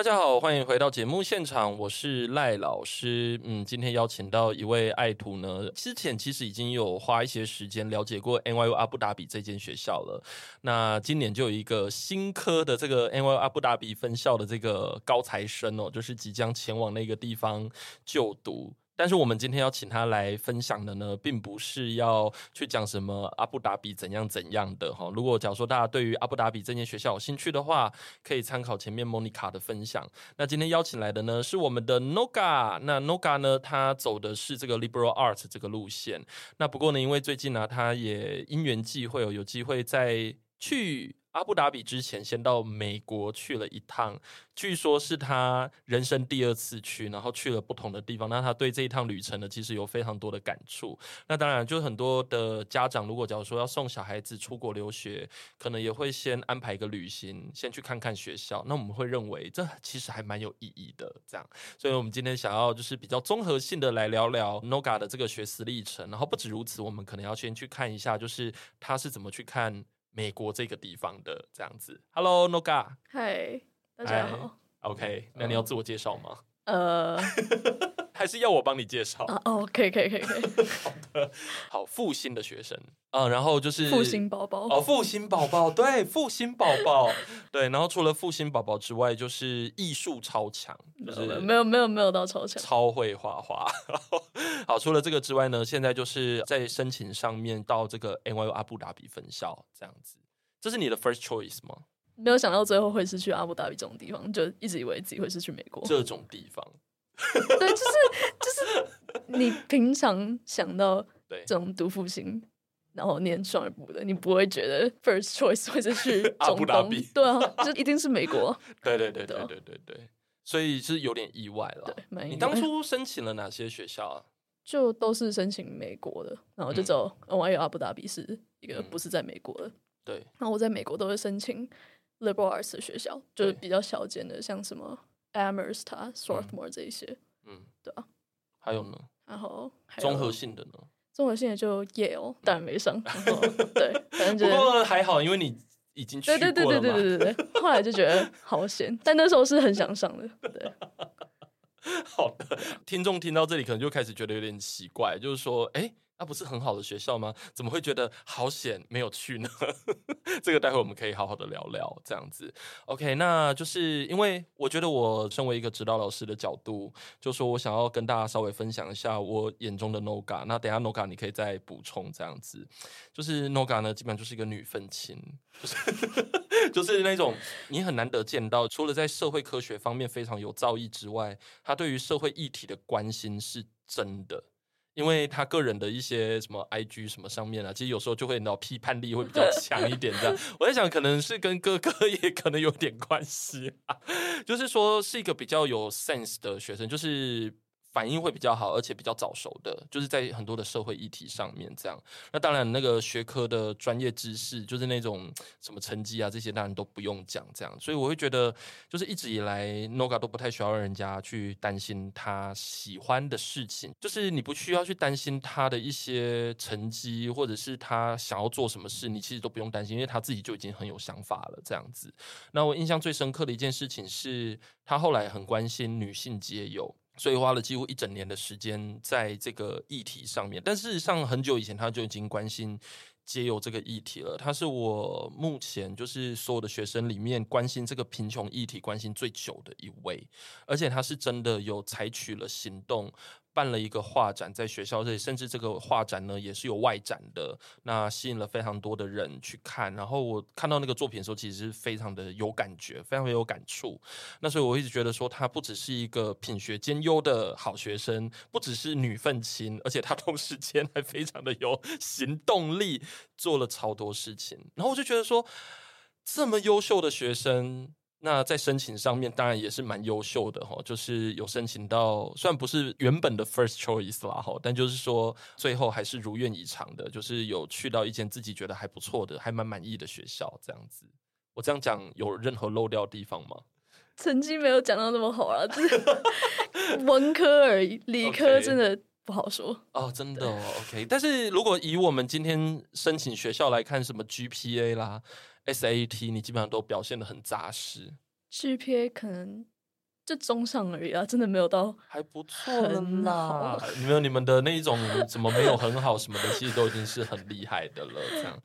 大家好，歡迎回到節目現場，我是賴老師。嗯，今天邀請到一位愛徒呢，之前其實已經有花一些時間了解過 NYU 阿布達比這間學校了。那今年就有一個新科的這個 NYU 阿布達比分校的這個高材生哦，就是即將前往那個地方就讀。但是我們今天要請他來分享的呢，並不是要去講什麼阿布達比怎樣怎樣的哈。如果假如說大家對於阿布達比這間學校有興趣的話，可以參考前面莫妮卡的分享。那今天邀請來的呢，是我們的 Noga，那 Noga 呢，他走的是這個 Liberal Arts 這個路線。那不過呢，因為最近呢、啊，他也因緣際會有、哦、有機會再去。阿布達比之前先到美國去了一趟，據說是他人生第二次去，然後去了不同的地方。那他對這一趟旅程呢，其實有非常多的感觸。那當然，就很多的家長如果假如說要送小孩子出國留學，可能也會先安排一個旅行，先去看看學校。那我們會認為這其實還蠻有意義的。這樣，所以我們今天想要就是比較綜合性的來聊聊 Noga 的這個學習歷程。然後不止如此，我們可能要先去看一下，就是他是怎麼去看。美國這個地方的這樣子，Hello Noga，嗨，Hi, 大家好 Hi,，OK，、Mm-hmm. 那你要自我介紹嗎？呃，uh、 還是要我幫你介紹啊？哦，可以，可以，可以，可以。好的，好，復興的學生啊、嗯，然後就是復興寶寶哦，復興寶寶， 對，復興寶寶，對。然後除了復興寶寶之外，就是藝術超強，就沒有，沒有，沒有到超強，超會畫畫。 好，除了這個之外呢，現在就是在申請上面到這個 NYU 阿布達比分校這樣子，這是你的 first choice 嗎？沒有想到最後會是去阿布達比這種地方，就一直以為自己會是去美國這種地方。對，就是就是你平常想到對這種讀復興，對然後念雙語部的，你不會覺得 first choice 會是去阿布達比，對啊，就一定是美國。對 對對對對對對，對啊、所以就是有點意外了。對，蠻意外的。你當初申請了哪些學校啊？就都是申請美國的，然後就只有、嗯。NYU，阿布達比是一個不是在美國的。嗯、對，然後我在美國都會申請。Liberal Arts 學校就是比較小間的，像什麼 Amherst、Swarthmore 這些，嗯，對啊。還有呢？然後綜合性的呢？綜合性的就 Yale，當然沒上。對，反正就不過還好，因為你已經去過了嘛。對對對對對對對，後來就覺得好險，但那時候是很想上的。好的，聽眾聽到這裡可能就開始覺得有點奇怪，就是說，哎。那、啊、不是很好的學校嗎？怎麼會覺得好險沒有去呢？ 這個待會我們可以好好的聊聊，這樣子。OK，那就是因為我覺得我身為一個指導老師的角度，就說我想要跟大家稍微分享一下我眼中的 Noga。那等下 Noga 你可以再補充，這樣子。就是 Noga 呢，基本上就是一個女憤青，就是 就是那種你很難得見到，除了在社會科學方面非常有造詣之外，她對於社會議題的關心是真的。因為他個人的一些什麼 IG 什麼上面啊，其實有時候就會腦批判力會比較強一點這樣。 我在想，可能是跟哥哥也可能有點關係啊。就是說是一個比較有 sense 的學生，就是。反應會比較好，而且比較早熟的，就是在很多的社會議題上面，這樣。那當然，那個學科的專業知識，就是那種什麼成績啊，這些當然都不用講。這樣，所以我會覺得，就是一直以來，Noga 都不太需要讓人家去擔心他喜歡的事情，就是你不需要去擔心他的一些成績，或者是他想要做什麼事，你其實都不用擔心，因為他自己就已經很有想法了。這樣子。那我印象最深刻的一件事情是他後來很關心女性街友所以花了幾乎一整年的時間在這個議題上面，但事實上很久以前他就已經關心街友這個議題了。他是我目前就是所有的學生裡面，關心這個貧窮議題關心最久的一位，而且他是真的有採取了行動。辦了一個畫展，在學校這裡，甚至這個畫展呢也是有外展的，那吸引了非常多的人去看。然後我看到那個作品的時候，其實是非常的有感覺，非常的有感觸。那所以我一直覺得說，她不只是一個品學兼優的好學生，不只是女憤青，而且她同時間還非常的有行動力，做了超多事情。然後我就覺得說，這麼優秀的學生。那在申請上面當然也是蠻優秀的哈，就是有申請到，雖然不是原本的 first choice 啦，哈，但就是說最後還是如願以償的，就是有去到一間自己覺得還不錯的、還蠻滿意的學校這樣子。我這樣講有任何漏掉地方嗎？成績沒有講到那麼好啊， 文科而已，理科真的不好說。Okay. Oh, 哦，真的對，OK。但是如果以我們今天申請學校來看，什麼 GPA 啦？SAT 你基本上都表現得很扎實，GPA 可能就中上而已啊，真的沒有到。還不錯啦，你們你們的那一種怎麼沒有很好什麼的，其實都已經是很厲害的了。這樣，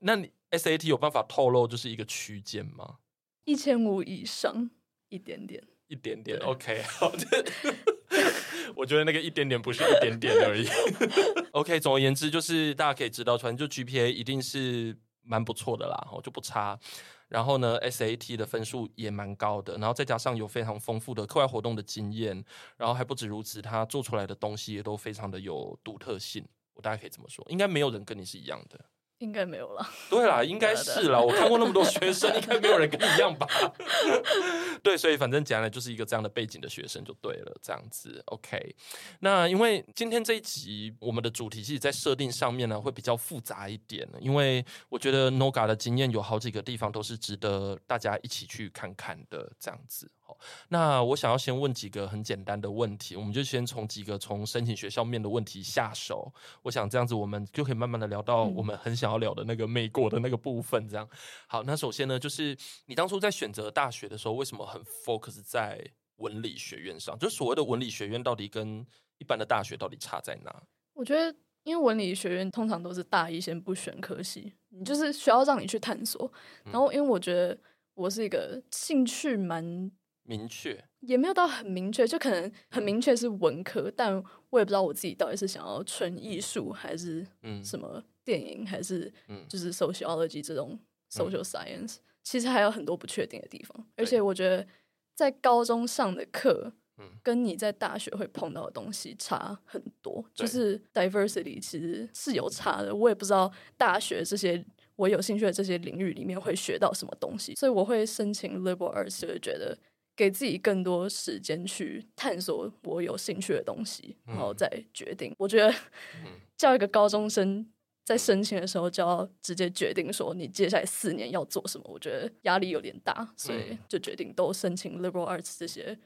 那你 SAT 有辦法透露就是一個區間嗎？一千五以上一點點，一點點。OK，好，對 我覺得那個一點點不是一點點而已。OK，總而言之就是大家可以知道，反正就 GPA 一定是。蠻不錯的啦，我就不差，然後呢，SAT 的分數也蠻高的，然後再加上有非常豐富的課外活動的經驗，然後還不止如此，他做出來的東西也都非常的有獨特性，我大概可以這麼說，應該沒有人跟你是一樣的。應該沒有了，對啦，應該是啦。 我看過那麼多學生， 應該沒有人跟你一樣吧？ 對，所以反正講來，就是一個這樣的背景的學生就對了。這樣子，OK。那因為今天這一集，我們的主題其實在設定上面呢，會比較複雜一點。因為我覺得 Noga 的經驗有好幾個地方都是值得大家一起去看看的。這樣子。好，那我想要先問幾個很簡單的問題，我們就先從幾個從申請學校面的問題下手。我想這樣子，我們就可以慢慢的聊到我們很想要聊的那個美國的那個部分。這樣好，那首先呢，就是你當初在選擇大學的時候，為什麼很 focus 在文理學院上？就是所謂的文理學院到底跟一般的大學到底差在哪？我覺得，因為文理學院通常都是大一先不選科系，你就是需要讓你去探索。然後，因為我覺得我是一個興趣蠻。明確也沒有到很明確，就可能很明確是文科，嗯、但我也不知道我自己到底是想要純藝術還是嗯什麼電影，還是嗯就是 sociology 這種 social science，、嗯嗯、其實還有很多不確定的地方。嗯、而且我覺得在高中上的課，嗯，跟你在大學會碰到的東西差很多，嗯、就是 diversity 其實是有差的。我也不知道大學這些我有興趣的這些領域裡面會學到什麼東西，所以我會申請 Level 二 Liberal Arts，就是覺得。給自己更多時間去探索我有興趣的東西，嗯，然後再決定。我覺得叫一個高中生在申請的時候就要直接決定說你接下來四年要做什麼，我覺得壓力有點大，所以就決定都申請 liberal arts 這些，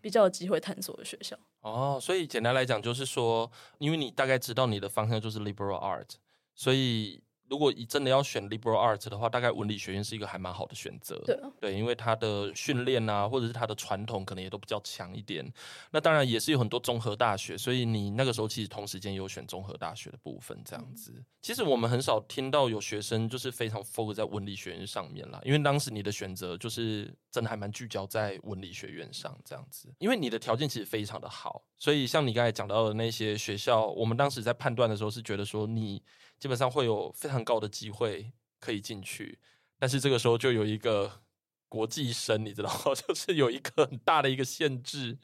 比較有機會探索的學校，嗯。哦，所以簡單來講就是說，因為你大概知道你的方向就是 liberal art，所以。如果你真的要選 liberal arts 的話，大概文理學院是一個還蠻好的選擇。對，對，因為它的訓練啊，或者是它的傳統，可能也都比較強一點。那當然也是有很多綜合大學，所以你那個時候其實同時間有選綜合大學的部分，這樣子。嗯、其實我們很少聽到有學生就是非常 focus 在文理學院上面啦，因為當時你的選擇就是真的還蠻聚焦在文理學院上，這樣子。因為你的條件其實非常的好，所以像你剛才講到的那些學校，我們當時在判斷的時候是覺得說你。基本上會有非常高的機會可以進去，但是這個時候就有一個國際生，你知道嗎？就是有一個很大的一個限制，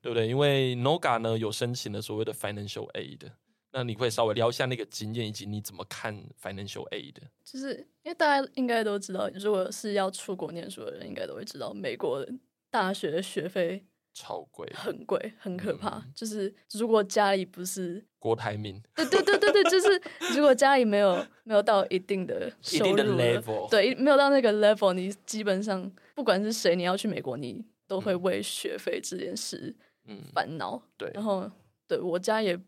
對不對？因為 Noga 呢有申請了所謂的 financial aid，那你會稍微聊一下那個經驗以及你怎麼看 financial aid？就是因為大家應該都知道，如果是要出國念書的人，應該都會知道美國的大學學費超貴，很貴，很可怕。嗯、就是如果家裡不是國台民，對對對。 對，就是如果家裡沒有沒有到一定的收入，一定的 level 對，沒有到那個 level，你基本上不管是誰，你要去美國，你都會為學費這件事煩惱、嗯。對，然後對我家也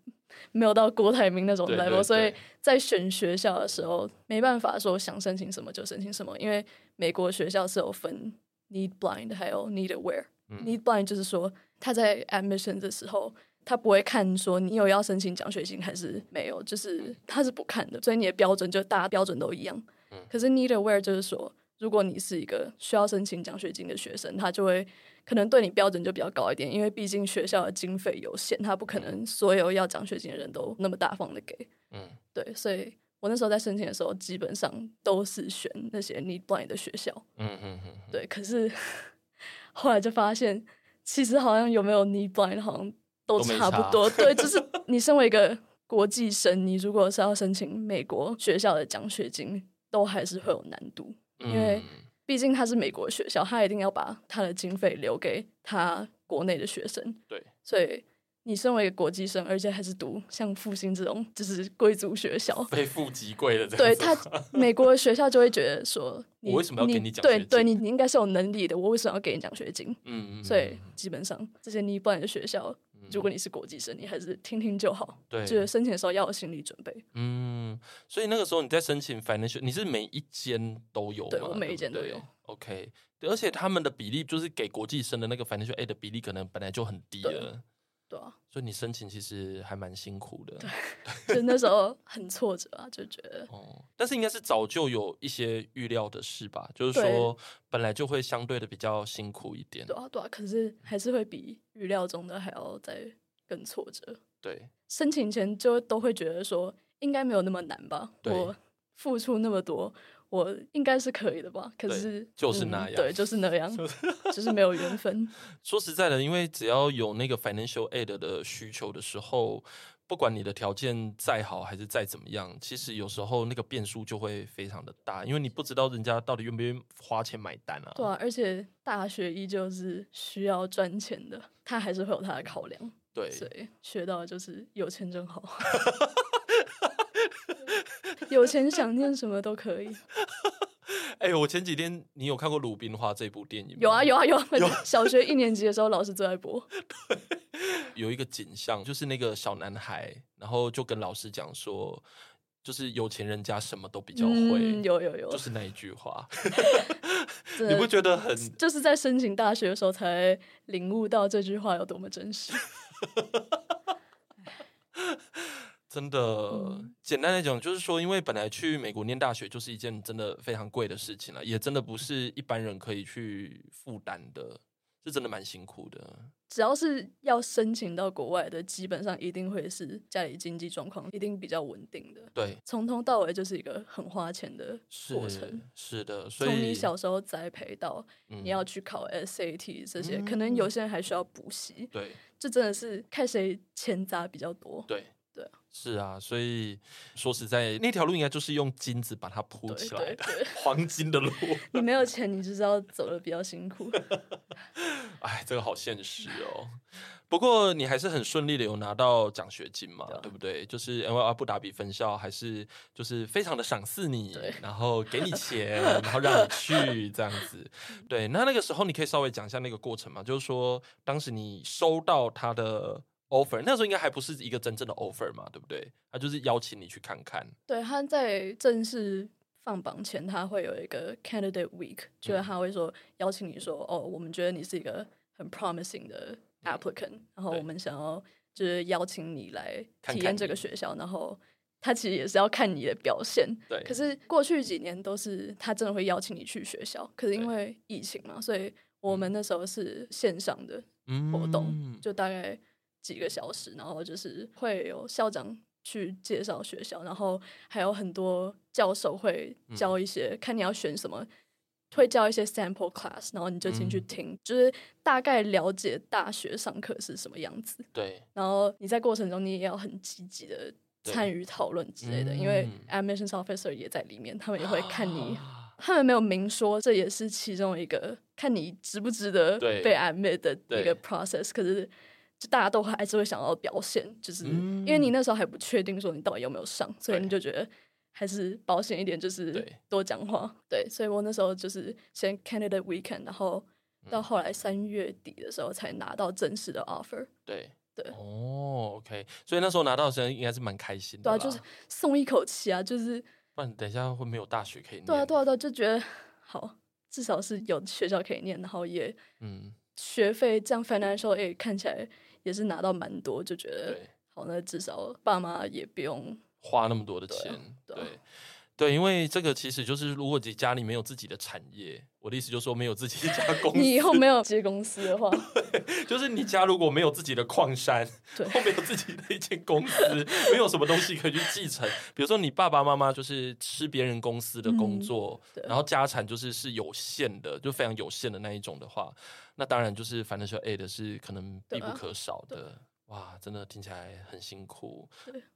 沒有到郭台銘那種 level，對對對所以在選學校的時候，沒辦法說想申請什麼就申請什麼，因為美國學校是有分 need blind 還有 need aware、嗯、need aware，need blind 就是說他在 admission 的時候。他不會看說你有要申請獎學金還是沒有，就是他是不看的，所以你的標準就大家標準都一樣。嗯。可是 need aware 就是說，如果你是一個需要申請獎學金的學生，他就會可能對你標準就比較高一點，因為畢竟學校的經費有限，他不可能所有要獎學金的人都那麼大方的給。嗯。對，所以我那時候在申請的時候，基本上都是選那些 need blind 的學校。嗯嗯嗯。對，可是後來就發現，其實好像有沒有 need blind 好像。都差不多，沒對，就是你身為一個國際生， 你如果是要申請美國學校的獎學金，都還是會有難度，因為畢竟他是美國學校，他一定要把他的經費留給他國內的學生。對，所以你身為一個國際生，而且還是讀像復興這種就是貴族學校，非富即貴的，對，他美國的學校就會覺得說，你我為什麼要給你獎？對，對，你，你應該是有能力的，我為什麼要給你獎學金？嗯哼，所以基本上這些你不然你的學校。如果你是國際生，你還是聽聽就好。對，就是申請的時候要有心理準備。嗯，所以那個時候你在申請 Financial，你是每一間都有對我每一間都有。o、okay. k 而且他們的比例就是給國際生的那個 Financial A 的比例，可能本來就很低了。對,對啊。所以你申請其實還蠻辛苦的，對，對，就那時候很挫折啊， 就覺得哦、嗯，但是應該是早就有一些預料的事吧，就是說對本來就會相對的比較辛苦一點，對啊對啊，可是還是會比預料中的還要再更挫折。對，申請前就都會覺得說應該沒有那麼難吧，對我付出那麼多。我應該是可以的吧，可是就是那樣、嗯，對，就是那樣， 就是沒有緣分。說實在的，因為只要有那個 financial aid 的需求的時候，不管你的條件再好還是再怎麼樣，其實有時候那個變數就會非常的大，因為你不知道人家到底願不願意花錢買單啊。對啊，而且大學依舊是需要賺錢的，他還是會有他的考量。對，所以學到的就是有錢真好。 有錢想念什麼都可以。哎呦、 欸，我前幾天，你有看過《魯冰花》這部電影嗎？有啊，有啊，有啊，有。小學一年級的時候，老師最愛播。對。有一個景象，就是那個小男孩，然後就跟老師講說，就是有錢人家什麼都比較會。嗯、有有有，就是那一句話。 真的，你不覺得很？就是在申請大學的時候才領悟到這句話有多麼真實。 真的，簡單來講，就是說，因為本來去美國念大學就是一件真的非常貴的事情了、啊，也真的不是一般人可以去負擔的，是真的蠻辛苦的。只要是要申請到國外的，基本上一定會是家裡經濟狀況一定比較穩定的。對，從頭到尾就是一個很花錢的過程。是，是的，所以從你小時候栽培到你要去考 SAT 這些，嗯、可能有些人還需要補習。對，這真的是看誰錢砸比較多。對。是啊，所以說實在那條路應該就是用金子把它鋪起來的，對對對黃金的路。你沒有錢，你就知道走的比較辛苦。哎， 這個好現實哦、喔。不過你還是很順利的，有拿到獎學金嘛，對,對不對？就是 N Y U 阿布達比分校，還是就是非常的賞識你，對然後給你錢，然後讓你去這樣子。 對，那那個時候你可以稍微講一下那個過程嘛，就是說當時你收到他的。offer 那時候應該還不是一個真正的 offer 嘛，對不對？他就是邀請你去看看。對，他在正式放榜前，他會有一個 candidate week，就是他會說、嗯、邀請你說：“哦，我們覺得你是一個很 promising 的 applicant，、嗯、然後我們想要就是邀請你來體驗這個學校。看看”然後他其實也是要看你的表現。對。可是過去幾年都是他真的會邀請你去學校，可是因為疫情嘛，嗯、所以我們那時候是線上的活動，嗯、就大概。幾個小時，然後就是會有校長去介紹學校，然後還有很多教授會教一些，嗯、看你要選什麼，會教一些 sample class，然後你就進去聽，嗯、就是大概了解大學上課是什麼樣子。對，然後你在過程中你也要很積極的參與討論之類的，嗯、因為 admissions officer 也在裡面，他們也會看你，啊、他們沒有明說，這也是其中一個看你值不值得被 admit 的一個 process，可是。就大家都還是會想要表現，就是、嗯、因為你那時候還不確定說你到底有沒有上，所以你就覺得還是保險一點，就是多講話。對，對，所以我那時候就是先 candidate weekend，然後到後來三月底的時候才拿到正式的 offer。對對，哦、對、oh，OK，所以那時候拿到的時候應該是蠻開心的，對啊，就是鬆一口氣啊，就是不然等一下會沒有大學可以念。對啊，對啊，對啊，對啊，就覺得好，至少是有學校可以念，然後也嗯，學費這樣 financial aid 也看起來。也是拿到蠻多，就覺得對好，那至少爸媽也不用花那麼多的錢，對啊，對啊，對。對，因為這個其實就是，如果你家裡沒有自己的產業，我的意思就是說，沒有自己一家公司。你以後沒有公司的話，就是你家如果沒有自己的礦山，對後面有自己的一間公司， 沒有什麼東西可以去繼承。比如說，你爸爸媽媽就是吃別人公司的工作，嗯、然後家產就是是有限的，就非常有限的那一種的話，那當然就是 financial aid 是可能必不可少的。哇，真的聽起來很辛苦。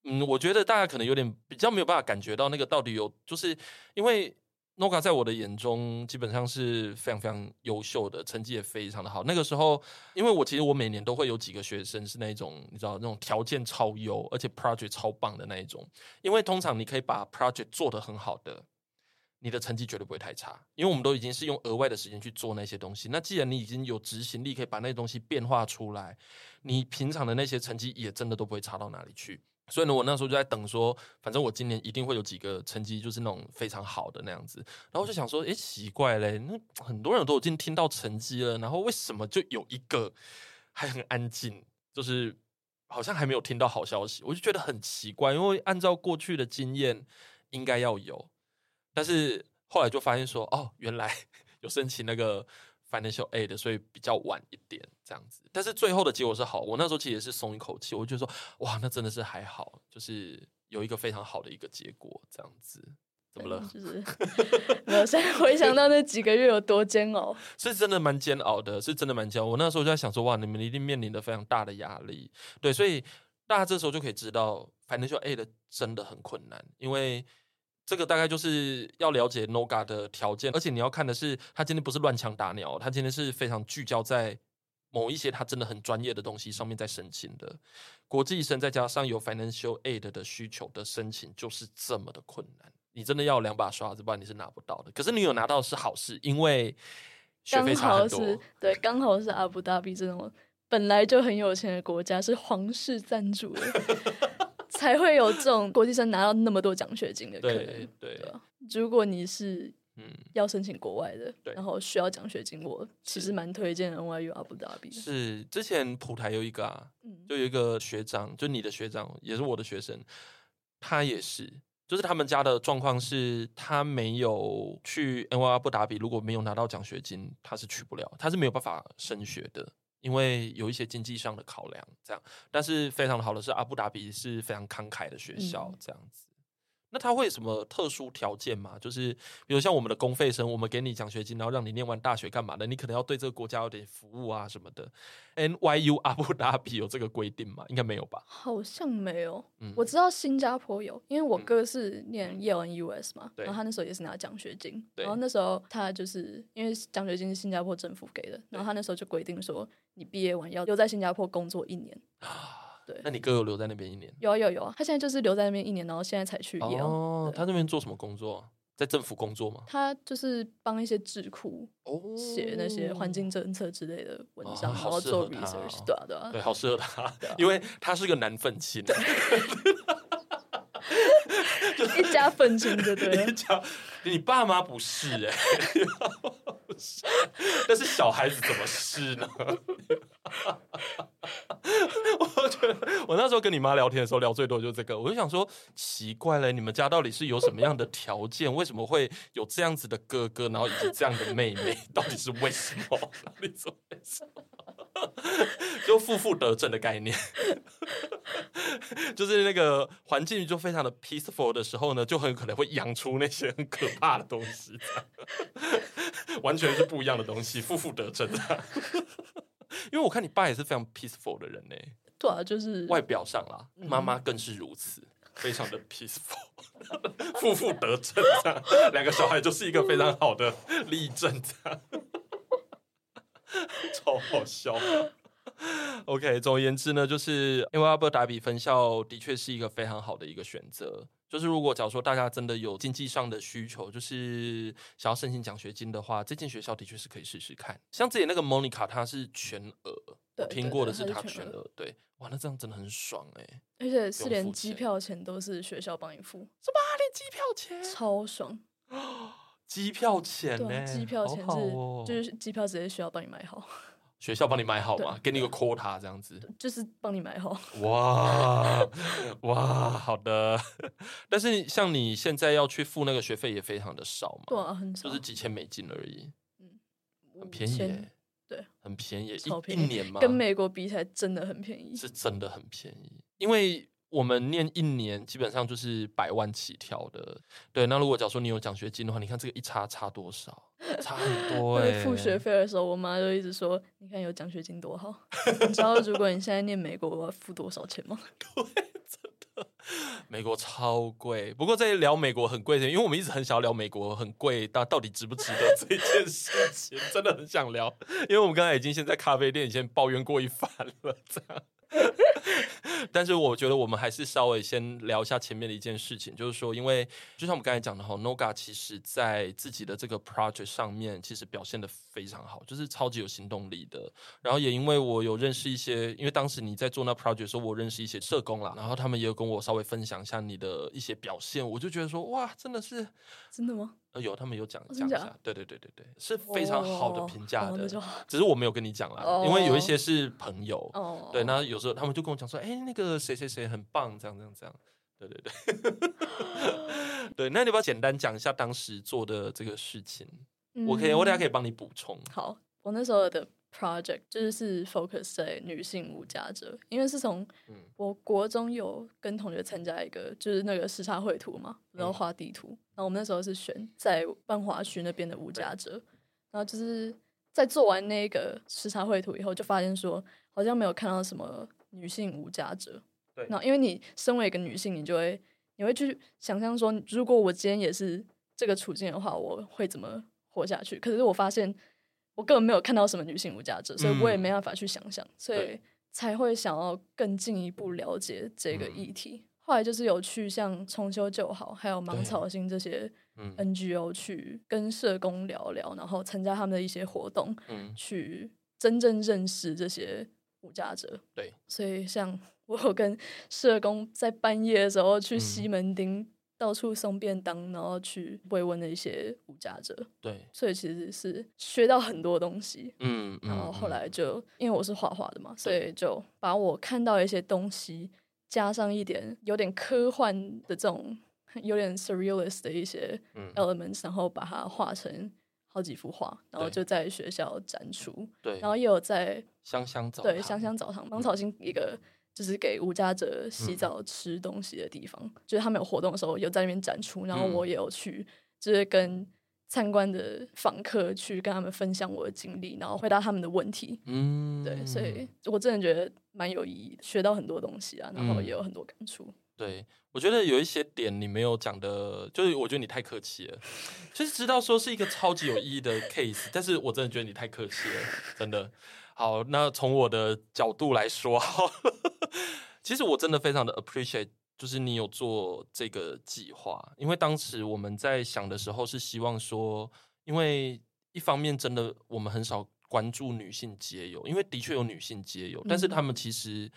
嗯，我覺得大家可能有點比較沒有辦法感覺到那個到底有，就是因為 Noga 在我的眼中基本上是非常非常優秀的，成績也非常的好。那個時候，因為我其實我每年都會有幾個學生是那一種，你知道那種條件超優，而且 project 超棒的那一種，因為通常你可以把 project 做得很好的。你的成績絕對不會太差，因為我們都已經是用額外的時間去做那些東西。那既然你已經有執行力，可以把那些東西變化出來，你平常的那些成績也真的都不會差到哪裡去。所以呢，我那時候就在等說，反正我今年一定會有幾個成績就是那種非常好的那樣子。然後就想說，誒，奇怪嘞，那很多人都已經聽到成績了，然後為什麼就有一個還很安靜，就是好像還沒有聽到好消息？我就覺得很奇怪，因為按照過去的經驗，應該要有。但是後來就發現說，哦，原來有申請那個 financial aid，所以比較晚一點這樣子。但是最後的結果是好，我那時候其實也是鬆一口氣，我就說，哇，那真的是還好，就是有一個非常好的一個結果這樣子。怎麼了？是，我 現在回想到那幾個月有多煎熬，是真的蠻煎熬的，是真的蠻煎熬。我那時候就在想說，哇，你們一定面臨了非常大的壓力，對，所以大家這時候就可以知道，financial aid 真的很困難，因為。這個大概就是要了解 Noga 的條件，而且你要看的是他今天不是亂槍打鳥，他今天是非常聚焦在某一些他真的很專業的東西上面在申請的國際生，再加上有 financial aid 的需求的申請，就是這麼的困難。你真的要兩把刷子，不然你是拿不到的。可是你有拿到是好事，因為學費差很多。對，剛好是阿布達比這種本來就很有錢的國家，是皇室贊助的。 才會有這種國際生拿到那麼多獎學金的可能。對，對，對。如果你是嗯要申請國外的，嗯、然後需要獎學金，我其實蠻推薦 NYU 阿布達比。是，之前普台有一個啊，就有一個學長，嗯、就你的學長，也是我的學生，他也是，就是他們家的狀況是，他沒有去 NYU 阿布達比，如果沒有拿到獎學金，他是去不了，他是沒有辦法升學的。嗯因為有一些經濟上的考量，這樣，但是非常好的是，阿布達比是非常慷慨的學校，這樣子。嗯那他會什麼特殊條件嗎？就是比如像我們的公費生，我們給你獎學金，然後讓你念完大學幹嘛的？你可能要對這個國家有點服務啊什麼的。NYU 阿布達比有這個規定嗎？應該沒有吧？好像沒有。嗯、我知道新加坡有，因為我哥是念 Yale-NUS 嘛，嗯、然後他那時候也是拿獎學金，對然後那時候他就是因為獎學金是新加坡政府給的，對然後他那時候就規定說，你畢業完要留在新加坡工作一年。對，那你哥有留在那邊一年？有啊有有啊，他現在就是留在那邊一年，然後現在才去。哦，對他那邊做什麼工作，啊？在政府工作嗎？他就是幫一些智庫寫那些環境政策之類的文章，哦 arch, 哦，好好做 research，對吧，啊啊？對，好適合他，對因為他是個男憤青。對 一家憤青，對對？你爸媽不是哎，欸。 但是小孩子怎麼試呢？ 我覺得我那時候跟你媽聊天的時候，聊最多就是這個。我就想說，奇怪了，你們家到底是有什麼樣的條件？為什麼會有這樣子的哥哥，然後以及這樣的妹妹？到底是為什麼？你說為什麼？ 就負負得正的概念， 就是那個環境就非常的 peaceful 的時候呢，就很可能會養出那些很可怕的東西， 完全是不一樣的東西，負負得正的。 因為我看你爸也是非常 peaceful 的人呢。欸，對啊，就是外表上啦，媽媽、嗯、更是如此，非常的 peaceful，負 負得正的，兩個小孩就是一個非常好的例證。超好笑。 OK，總而言之呢，就是因為阿布達比分校的確是一個非常好的一個選擇。就是如果假如說大家真的有經濟上的需求，就是想要申請獎學金的話，這間學校的確是可以試試看。像之前那個 Monica，她是全額，對我聽過的是她全額，對，哇，那這樣真的很爽哎、欸，而且是連機票錢都是學校幫你付，什麼連機票錢，超爽機票錢呢？機票錢是就是機票直接學校幫你買好，學校幫你買好嗎？給你個 quota 這樣子，就是幫你買好。哇哇，好的。但是像你現在要去付那個學費也非常的少嘛，對，很少，就是幾千美金而已。嗯，很便宜，對，很便宜，一一年嘛，跟美國比起來真的很便宜，是真的很便宜，因為。我們念一年基本上就是百萬起跳的，對。那如果假如說你有獎學金的話，你看這個一差差多少，差很多，欸。付學費的時候，我媽就一直說：“你看有獎學金多好。” 你知道如果你現在念美國我要付多少錢嗎？對，真的。美國超貴，不過在聊美國很貴的，因為我們一直很想要聊美國很貴，但到底值不值得這件事情，真的很想聊。因為我們剛才已經先在咖啡店已經抱怨過一番了，這樣。 但是我覺得我們還是稍微先聊一下前面的一件事情，就是說，因為就像我們剛才講的哈，Noga 其實在自己的這個 project 上面其實表現得非常好，就是超級有行動力的。然後也因為我有認識一些，因為當時你在做那 project 時候，我認識一些社工啦，然後他們也有跟我稍微分享一下你的一些表現，我就覺得說，哇，真的是真的嗎？有，他們有講假講一下，對對對對對，是非常好的評價的，oh, oh, 只是我沒有跟你講啦，oh. 因為有一些是朋友，oh. 對，那有時候他們就跟我講說，哎，那個誰誰誰很棒，這樣這樣這樣，對對對， 對，那你要不要簡單講一下當時做的這個事情？嗯、我可以，我等下可以幫你補充。好，我那時候的。project 就是,是 focus 在女性無家者，因為是從我國中有跟同學參加一個、嗯、就是那個視察繪圖嘛，然後畫地圖，然後我們那時候是選在萬華區那邊的無家者，對然後就是在做完那個視察繪圖以後，就發現說好像沒有看到什麼女性無家者，對，然後因為你身為一個女性，你就會你會去想象說，如果我今天也是這個處境的話，我會怎麼活下去？可是我發現。我根本沒有看到什麼女性無家者，所以我也沒辦法去想象，嗯、所以才會想要更進一步了解這個議題。嗯、後來就是有去像重修舊好，還有芒草心這些 NGO 去跟社工聊聊，嗯、然後參加他們的一些活動，去真正認識這些無家者。對，所以像我有跟社工在半夜的時候去西門町。嗯到處送便當，然後去慰問那些無家者。對，所以其實是學到很多東西。嗯，然後後來就、嗯、因為我是畫畫的嘛，對所以就把我看到一些東西，加上一點有點科幻的這種，有點 surrealist 的一些 elements，、嗯、然後把它畫成好幾幅畫，然後就在學校展出。對，然後也有在香香澡對香香澡堂芒草心一個。嗯就是給無家者洗澡吃東西的地方，嗯、就是他們有活動的時候有在那邊展出，然後我也有去，嗯、就是跟參觀的訪客去跟他們分享我的經歷，然後回答他們的問題。嗯，對，所以我真的覺得蠻有意義，學到很多東西啊，然後也有很多感觸。對，我覺得有一些點你沒有講的，就是我覺得你太客氣了， 就是知道說是一個超級有意義的 case， 但是我真的覺得你太客氣了，真的。好，那從我的角度來說，其實我真的非常的 appreciate，就是你有做這個計劃，因為當時我們在想的時候是希望說，因為一方面真的我們很少關注女性街友，因為的確有女性街友，但是他們其實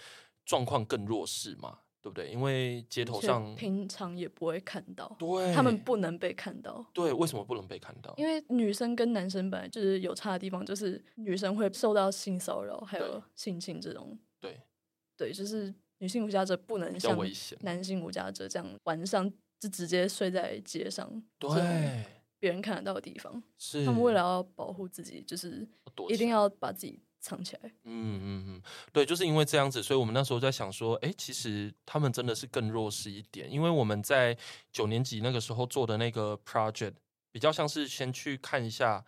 狀況更弱勢嘛。對不對？因為街頭上平常也不會看到，對，他們不能被看到。對，為什麼不能被看到？因為女生跟男生本來就是有差的地方，就是女生會受到性騷擾，還有性侵這種。對對，對，就是女性無家者不能像男性無家者這樣，這樣晚上就直接睡在街上，對別人看得到的地方。是，他們為了要保護自己，就是一定要把自己。藏起來。嗯嗯嗯，對，就是因為這樣子，所以我們那時候在想說，欸，其實他們真的是更弱勢一點，因為我們在九年級那個時候做的那個 project 比較像是先去看一下。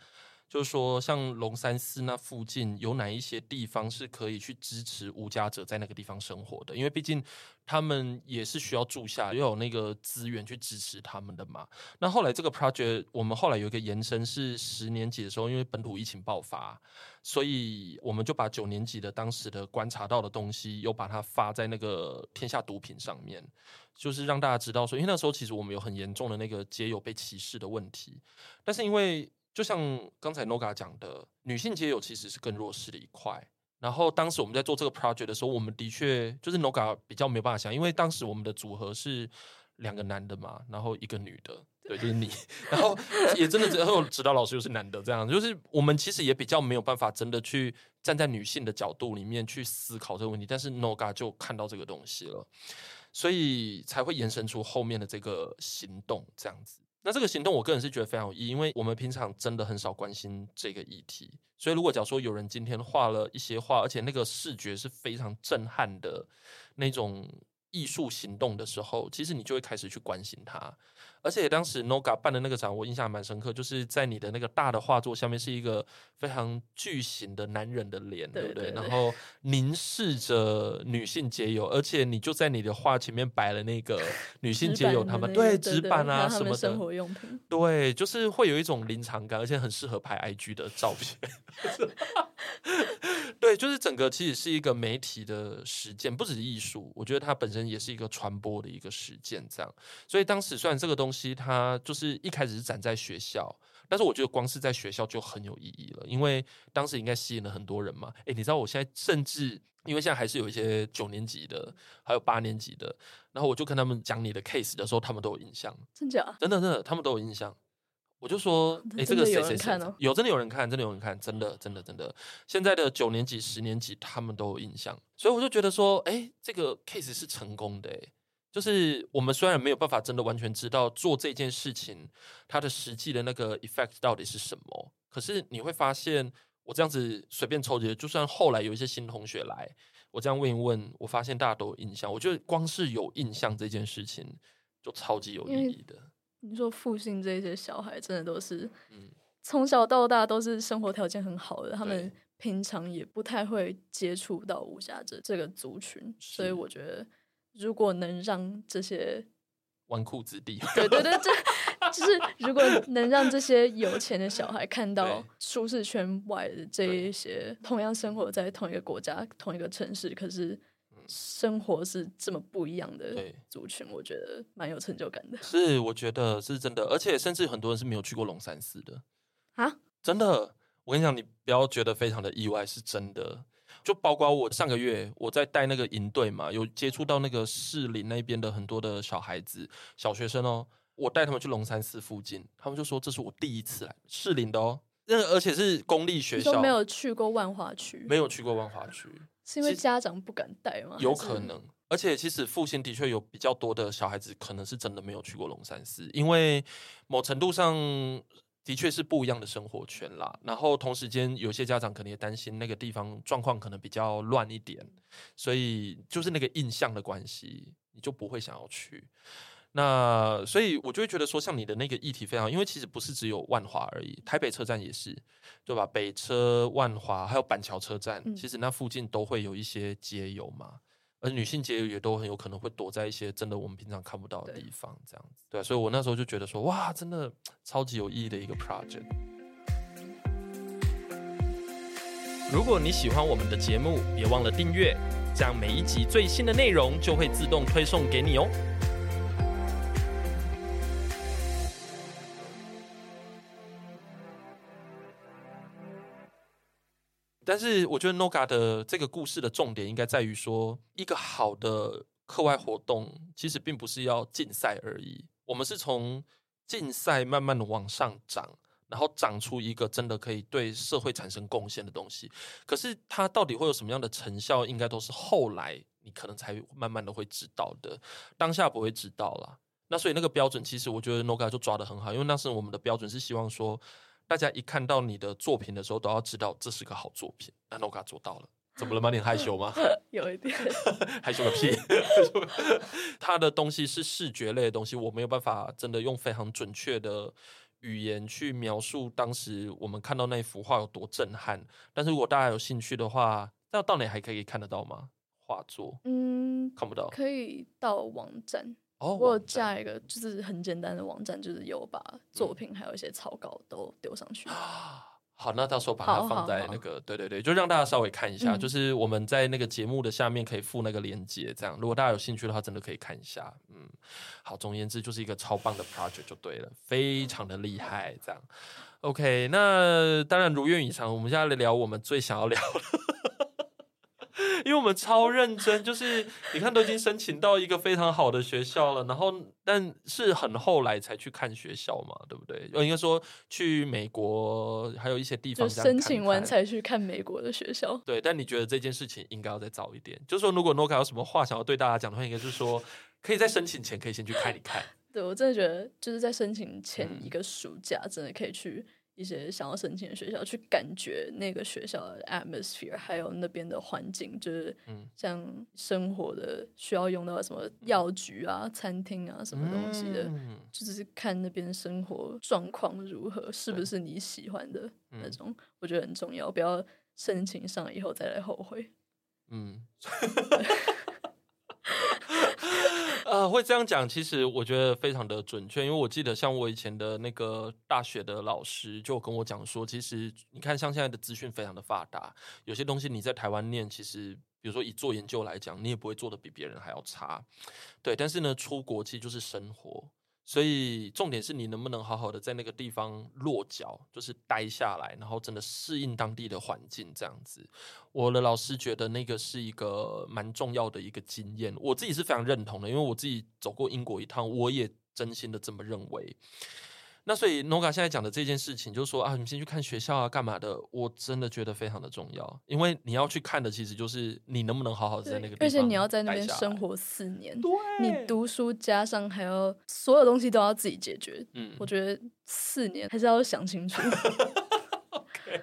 就是說，像龍山寺那附近有哪一些地方是可以去支持無家者在那個地方生活的？因為畢竟他們也是需要住下，又有那個資源去支持他們的嘛。那後來這個 project 我們後來有一個延伸，是十年級的時候，因為本土疫情爆發，所以我們就把九年級的當時的觀察到的東西，又把它發在那個天下毒品上面，就是讓大家知道說，因為那時候其實我們有很嚴重的那個街友被歧視的問題，但是因為。就像剛才 Noga 講的，女性街友其實是更弱勢的一塊。然後當時我們在做這個 project 的時候，我們的確就是 Noga 比較沒有辦法想，因為當時我們的組合是兩個男的嘛，然後一個女的，對，就是你， 然後也真的只有指導老師又是男的，這樣，就是我們其實也比較沒有辦法真的去站在女性的角度裡面去思考這個問題。但是 Noga 就看到這個東西了，所以才會延伸出後面的這個行動，這樣子。那這個行動，我個人是覺得非常有意義，因為我們平常真的很少關心這個議題。所以，如果假如說有人今天畫了一些畫，而且那個視覺是非常震撼的那種藝術行動的時候，其實你就會開始去關心它。而且當時 Noga 辦的那個展，我印象蠻深刻，就是在你的那個大的畫作下面是一個非常巨型的男人的臉，對，對，對，對不對？然後凝視着女性街友，而且你就在你的畫前面擺了那個女性街友他們對紙板啊什麼的生活用品，對，就是會有一種臨場感，而且很適合拍 IG 的照片。 對，就是整個其實是一個媒體的實踐，不只是藝術，我覺得它本身也是一個傳播的一個實踐，這樣。所以當時雖然這個東，東西它就是一開始是展在學校，但是我覺得光是在學校就很有意義了，因為當時應該吸引了很多人嘛。誒、欸，你知道我現在甚至因為現在還是有一些九年級的，還有八年級的，然後我就跟他們講你的 case 的時候，他們都有印象。真假？真的真的，他們都有印象。我就說，誒，這個誰誰看喔？有真的有人看，真的有人看，真的真的真的真的。現在的九年級、十年級，他們都有印象，所以我就覺得說，誒、欸，這個 case 是成功的欸。就是我們雖然沒有辦法真的完全知道做這件事情它的實際的那個 effect 到底是什麼，可是你會發現我這樣子隨便抽幾個，就算後來有一些新同學來，我這樣問一問，我發現大家都有印象。我覺得光是有印象這件事情就超級有意義的。你說復興這些小孩真的都是，嗯，從小到大都是生活條件很好的，他們平常也不太會接觸到無家者這這個族群，所以我覺得。如果能讓這些紈絝子弟，對對對，這 就是如果能讓這些有錢的小孩看到舒適圈外的這一些同樣生活在同一個國家、同一個城市，可是生活是這麼不一樣的族群，我覺得蠻有成就感的。是，我覺得是真的，而且甚至很多人是沒有去過龍山寺的啊！真的，我跟你講，你不要覺得非常的意外，是真的。就包括我上個月，我在帶那個營隊嘛，有接觸到那個士林那邊的很多的小孩子、小學生哦。我帶他們去龍山寺附近，他們就說，這是我第一次來士林的哦，那而且是公立學校，沒有去過萬華區，沒有去過萬華區。是因為家長不敢帶嗎？其有可能，是而且其實復興的確有比較多的小孩子，可能是真的沒有去過龍山寺，因為某程度上。的確是不一樣的生活圈啦，然後同時間有些家長可能也擔心那個地方狀況可能比較亂一點，所以就是那個印象的關係，你就不會想要去。那所以我就會覺得說，像你的那個議題非常好，因為其實不是只有萬華而已，台北車站也是，對吧？北車、萬華還有板橋車站，其實那附近都會有一些街友嘛。而女性節也都很有可能會躲在一些真的我們平常看不到的地方對，這樣子。對啊。對，所以我那時候就覺得說，哇，真的超級有意義的一個 project。如果你喜歡我們的節目，別忘了訂閱，這樣每一集最新的內容就會自動推送給你哦。但是，我覺得 Noga 的這個故事的重點應該在於說，一個好的課外活動其實並不是要競賽而已。我們是從競賽慢慢的往上長，然後長出一個真的可以對社會產生貢獻的東西。可是，它到底會有什麼樣的成效，應該都是後來你可能才慢慢的會知道的，當下不會知道了。那所以，那個標準其實我覺得 Noga 就抓得很好，因為那是我們的標準是希望說。大家一看到你的作品的時候，都要知道這是個好作品。Noga 做到了，怎麼了嘛？你害羞嗎？ 有一點 害羞個的屁！ 他的東西是視覺類的東西，我沒有辦法真的用非常準確的語言去描述當時我們看到那幅畫有多震撼。但是如果大家有興趣的話，那到底還可以看得到嗎？畫作？嗯，看不到。可以到網站。哦，oh, 我有加一個，就是很簡單的網站，就是有把作品還有一些草稿都丟上去，嗯。好，那到時候把它放在那個，對對對，就讓大家稍微看一下，好就是我們在那個節目的下面可以附那個鏈接，這樣，嗯、如果大家有興趣的話，真的可以看一下。嗯，好，總而言之就是一個超棒的 project 就對了，非常的厲害。這樣，OK，那當然如願以償。我們現在來聊我們最想要聊的。 因為我們超認真，就是你看都已經申請到一個非常好的學校了，然後但是很後來才去看學校嘛，對不對？呃，應該說去美國還有一些地方看看，申請完才去看美國的學校。對，但你覺得這件事情應該要再早一點？就是說，如果 Noga 有什麼話想要對大家講的話，應該就是說可以在申請前可以先去看一看。對，我真的覺得就是在申請前一個暑假真的可以去。一些想要申請的學校，去感覺那個學校的 atmosphere，還有那邊的環境，就是像生活的需要用到什麼藥局啊、嗯、餐廳啊、什麼東西的，嗯、就是看那邊生活狀況如何，是不是你喜歡的那種，嗯、我覺得很重要，不要申請上以後再來後悔。嗯。 呃，會這樣講，其實我覺得非常的準確，因為我記得像我以前的那個大學的老師就跟我講說，其實你看像現在的資訊非常的發達，有些東西你在台灣念，其實比如說以做研究來講，你也不會做得比別人還要差，對，但是呢，出國其實就是生活。所以重點是你能不能好好的在那個地方落腳，就是待下來，然後真的適應當地的環境這樣子。我的老師覺得那個是一個蠻重要的一個經驗，我自己是非常認同的，因為我自己走過英國一趟，我也真心的這麼認為。那所以 Noga 現在講的這件事情，就是說啊，你們先去看學校啊，幹嘛的？我真的覺得非常的重要，因為你要去看的其實就是你能不能好好在那個地方，而且你要在那邊生活四年，對你讀書加上還要所有東西都要自己解決，嗯，我覺得四年還是要想清楚， Okay.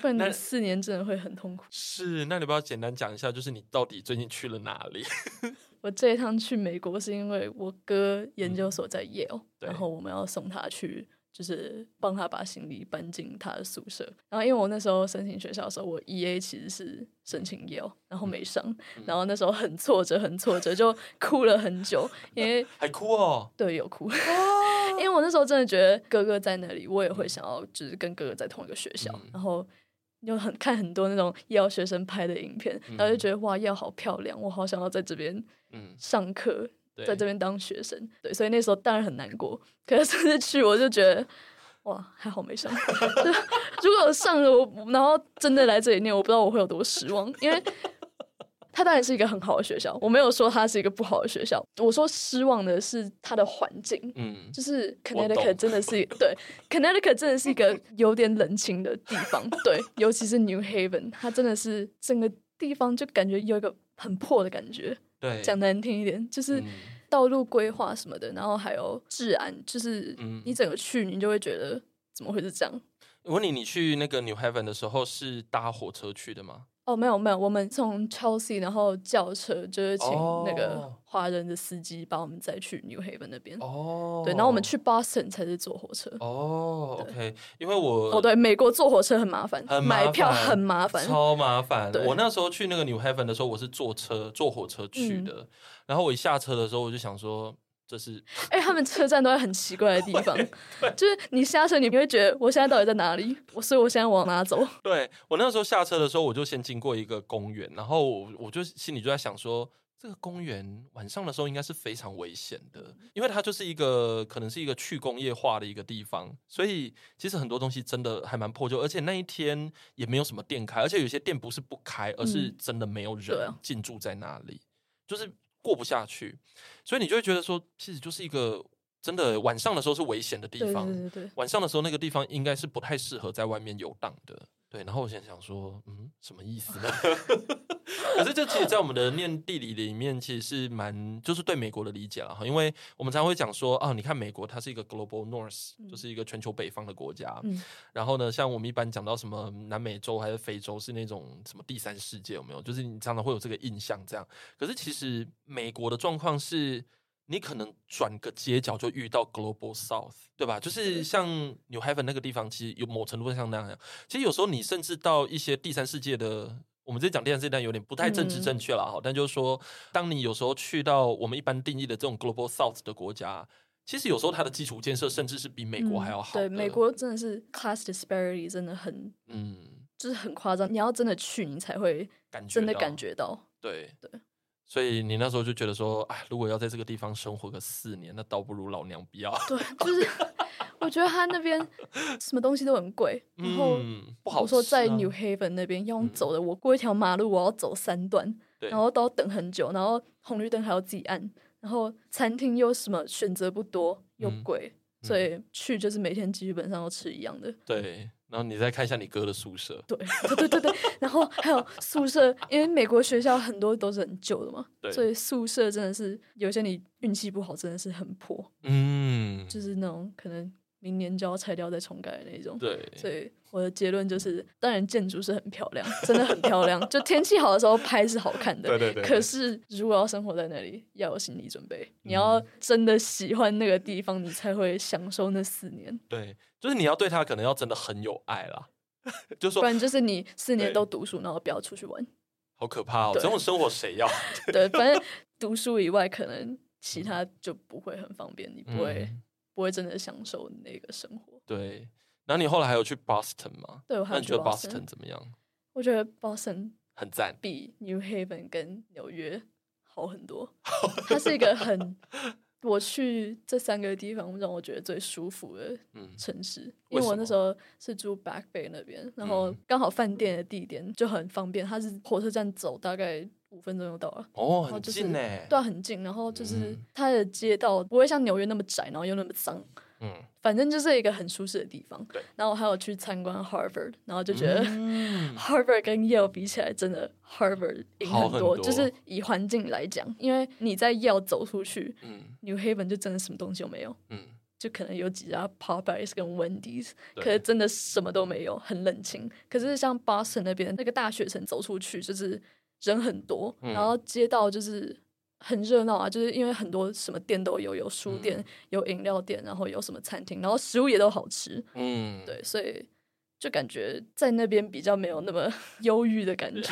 不然你四年真的會很痛苦。是，那你不要簡單講一下，就是你到底最近去了哪裡？ 我這一趟去美國是因為我哥研究所在 Yale，嗯、然後我們要送他去，就是幫他把行李搬進他的宿舍。然後因為我那時候申請學校的時候，我 E A 其實是申請 Yale，然後沒上，嗯嗯、然後那時候很挫折，很挫折，就哭了很久， 因為還哭哦，對，有哭，哇 因為我那時候真的覺得哥哥在那裡，我也會想要，就是跟哥哥在同一個學校，嗯、然後。有很看很多那種醫藥學生拍的影片，嗯、然後就覺得哇，藥好漂亮，我好想要在這邊，上課、嗯，在這邊當學生，對，所以那時候當然很難過。可是上次去，我就覺得哇，還好沒上。 如果上了我，我然後真的來這裡念，我不知道我會有多失望，因為。它當然是一個很好的學校，我沒有說它是一個不好的學校。我說失望的是它的環境，嗯，就是 Connecticut 懂真的是，對，Connecticut 真的是一個有點冷清的地方， 對，尤其是 New Haven，它真的是整個地方就感覺有一個很破的感覺。對，講難聽一點，就是道路規劃什麼的，然後還有治安，就是你整個去，你就會覺得怎麼會是這樣？我問你，你去那個 New Haven 的時候是搭火車去的嗎？哦，沒有沒有，我們從 Chelsea 然後叫車就是請那個華人的司機把我們載去 New Haven 那邊。哦，對，然後我們去 Boston 才是坐火車。哦，OK，對因為我哦對，美國坐火車很麻煩，嗯、麻煩買票很麻煩，超麻煩。對我那時候去那個 New Haven 的時候，我是坐車坐火車去的，嗯、然後我一下車的時候，我就想說。這是，誒、欸，他們車站都在很奇怪的地方， 對就是你下車，你不會覺得我現在到底在哪裡？我所以我現在往哪走？對，我那時候下車的時候，我就先經過一個公園，然後我我就心裡就在想說，這個公園晚上的時候應該是非常危險的，因為它就是一個可能是一個去工業化的一個地方，所以其實很多東西真的還蠻破舊，而且那一天也沒有什麼店開，而且有些店不是不開，而是真的沒有人進駐在那裡，嗯啊、就是。過不下去，所以你就會覺得說，其實就是一個真的晚上的時候是危險的地方。對，對，對，對。晚上的時候那個地方應該是不太適合在外面遊蕩的。對，然後我現在想說，嗯，什麼意思呢？ 可是這其實，在我們的念地理裡面，其實是蠻就是對美國的理解了哈，因為我們常常會講說啊，你看美國它是一個 global north，就是一個全球北方的國家，嗯，然後呢，像我們一般講到什麼南美洲還是非洲，是那種什麼第三世界有沒有？就是你常常會有這個印象這樣。可是其實美國的狀況是，你可能轉個街角就遇到 global south，對吧？就是像紐黑文那個地方，其實有某程度上那樣。其實有時候你甚至到一些第三世界的。我們這講電視這段有點不太政治正確了哈，嗯、但就是說，當你有時候去到我們一般定義的這種 Global South 的國家，其實有時候它的基礎建設甚至是比美國還要好，嗯。對，美國真的是 class disparity 真的很，嗯，就是很誇張。你要真的去，你才會真的感覺到。對對，對，所以你那時候就覺得說，哎，如果要在這個地方生活個四年，那倒不如老娘不要。對，就是。 我覺得他那邊什麼東西都很貴，然後我、嗯啊、說在 New Haven 那邊，要用走的，我過一條馬路，我要走三段，嗯、然後都要等很久，然後紅綠燈還要自己按，然後餐廳又什麼選擇不多又貴，嗯、所以去就是每天基本上都吃一樣的。對，然後你再看一下你哥的宿舍，對，對對對，然後還有宿舍， 因為美國學校很多都是很舊的嘛，對所以宿舍真的是有些你運氣不好，真的是很破，嗯，就是那種可能。明年就要拆掉再重蓋的那種，對，所以我的結論就是，當然建築是很漂亮，真的很漂亮，就天氣好的時候拍是好看的，對對。可是如果要生活在那裡，要有心理準備，你要真的喜歡那個地方，你才會享受那四年。對，就是你要對他可能要真的很有愛啦，就說不然，就是你四年都讀書，然後不要出去玩，好可怕哦！這種生活誰要？對，反正讀書以外，可能其他就不會很方便，你不會。我會真的享受那個生活。對，然後你後來還有去 Boston 嗎？對，我還有去 Boston。怎麼樣？覺，我覺得 Boston 很讚，比 New Haven 跟紐約好很多。很讚它是一個很 我去這三個地方讓我覺得最舒服的城市，嗯、為什麼？因為我那時候是住 Back Bay 那邊，然後剛好飯店的地點就很方便，它是火車站走大概。五分鐘就到了哦，然後就是、很近對，很近。然後就是它的街道不會像紐約那麼窄，然後又那麼髒。嗯，反正就是一個很舒適的地方。對然後還有去參觀 Harvard，然後就覺得、嗯、 Harvard 跟 Yale 比起來，真的 Harvard 贏很多。很多就是以環境來講，因為你在 Yale 走出去、嗯、，New Haven 就真的什麼東西都沒有。嗯，就可能有幾家 Popeyes 跟 Wendy's，對可是真的什麼都沒有，很冷清。可是像 Boston 那邊那個大學城走出去就是。人很多，嗯、然後街道就是很熱鬧啊，就是因為很多什麼店都有，有書店，嗯、有飲料店，然後有什麼餐廳，然後食物也都好吃。嗯，對，所以就感覺在那邊比較沒有那麼憂鬱的感覺，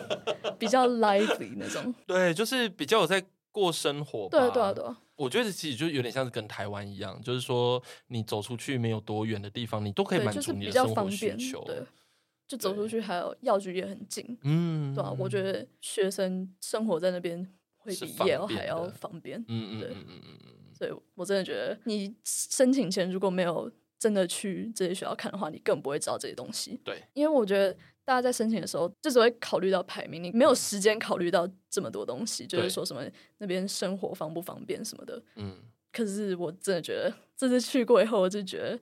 比較 lively 那種。對，就是比較有在過生活吧對。對、啊、對對、啊。我覺得其實就有點像是跟台灣一樣，就是說你走出去沒有多遠的地方，你都可以滿足你的生活需求。就走出去，還有藥局也很近，對嗯，嗯，嗯，對吧、啊？我覺得學生生活在那邊會比 Yale 還要方便，嗯對嗯嗯嗯嗯，所以我真的覺得，你申請前如果沒有真的去這些學校看的話，你更不會知道這些東西。對，因為我覺得大家在申請的時候，就只會考慮到排名，你沒有時間考慮到這麼多東西，就是說什麼那邊生活方不方便什麼的，嗯對。可是我真的覺得，這次去過以後，我就覺得。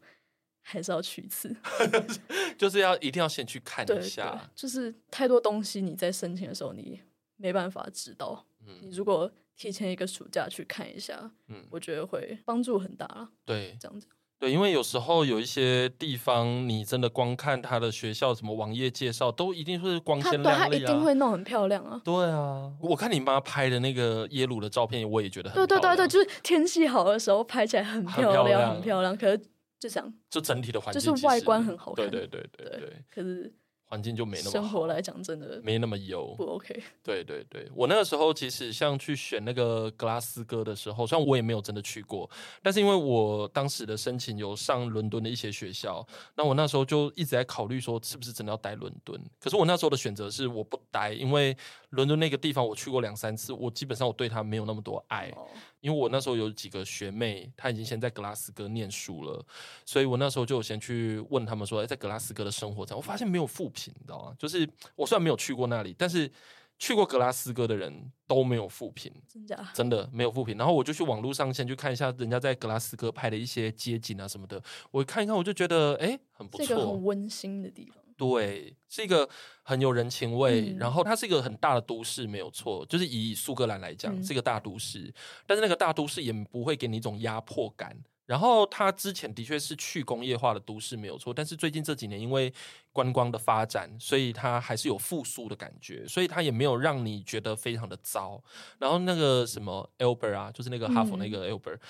還是要去一次， 就是要一定要先去看一下。就是太多東西你在申請的時候你沒辦法知道，嗯，你如果提前一個暑假去看一下，嗯，我覺得會幫助很大。對，這樣子，對，因為有時候有一些地方你真的光看他的學校什麼網頁介紹都一定是光鮮亮麗啊，他他一定會弄很漂亮啊。對啊，我看你媽拍的那個耶魯的照片，我也覺得很漂亮，對對對對，就是天氣好的時候拍起來很漂亮，很漂亮，很漂亮，可是。就想，就整體的環境其實就是外觀很好看，對對對對對。對對，可是環境就沒那麼好。生活來講，真的沒那麼優，不 OK。對對對，我那個時候其實像去選那個格拉斯哥的時候，雖然我也沒有真的去過，但是因為我當時的申請有上倫敦的一些學校，那我那時候就一直在考慮說，是不是真的要待倫敦？可是我那時候的選擇是，我不待，因為。倫敦那個地方我去過兩三次，我基本上我對它沒有那麼多愛。哦、因為我那時候有幾個學妹，她已經先在格拉斯哥念書了，所以我那時候就有先去問他們說，哎、欸，在格拉斯哥的生活怎樣？我發現沒有負評，你知道嗎？就是我雖然沒有去過那裡，但是去過格拉斯哥的人都沒有負評，真的，啊、真的，真的沒有負評。然後我就去網路上，先去看一下人家在格拉斯哥拍的一些街景啊什麼的，我一看一看我就覺得，哎、欸，很不錯，這個很溫馨的地方。對，是一個很有人情味。嗯、然後它是一個很大的都市，沒有錯，就是以蘇格蘭來講、嗯、是一個大都市。但是那個大都市也不會給你一種壓迫感。然後它之前的確是去工業化的都市，沒有錯。但是最近這幾年因為觀光的發展，所以它還是有復甦的感覺。所以它也沒有讓你覺得非常的糟。然後那個什麼 Albert 啊，就是那個哈佛那個 Albert、嗯。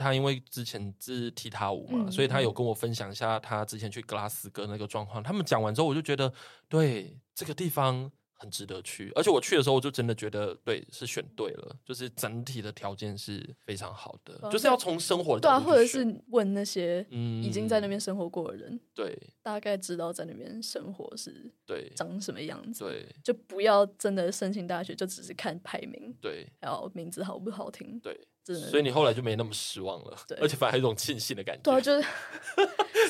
他因為之前是踢踏舞嘛，嗯、所以他有跟我分享一下他之前去格拉斯哥那個狀況。嗯、他們講完之後，我就覺得對這個地方很值得去，而且我去的時候，我就真的覺得對是選對了，嗯、就是整體的條件是非常好的。嗯、就是要從生活對、啊，或者是問那些已經在那邊生活過的人，嗯、對，大概知道在那邊生活是，對，長什麼樣子，對，就不要真的申請大學就只是看排名，對，還有名字好不好聽，對。所以你後來就沒那麼失望了，對而且反而有一種慶幸的感覺。對啊，就是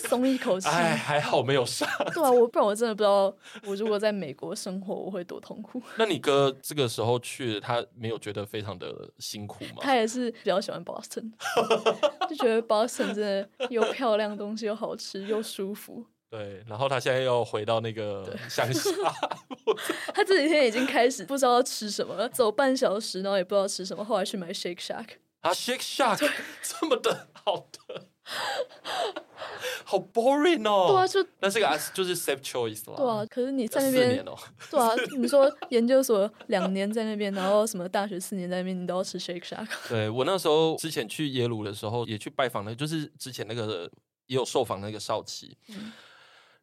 鬆一口氣。哎， 還好沒有上。對啊，我不然我真的不知道，我如果在美國生活，我會多痛苦。 那你哥這個時候去，他沒有覺得非常的辛苦嗎？他也是比較喜歡 Boston，就覺得 Boston 真的又漂亮，東西又好吃，又舒服。對，然後他現在又回到那個鄉下。對 他這幾天已經開始不知道吃什麼了，走半小時，然後也不知道吃什麼，後來去買 sh、啊、Shake Shack 對。啊，Shake Shack，這麼的好的，好 boring 哦。對啊，就那是個就是 safe choice 啦。對啊，可是你在那邊四年、喔、對啊，你說研究所兩年在那邊，然後什麼大學四年在那邊，你都要吃 Shake Shack。對我那時候之前去耶魯的時候，也去拜訪那就是之前那個也有受訪那個少奇。嗯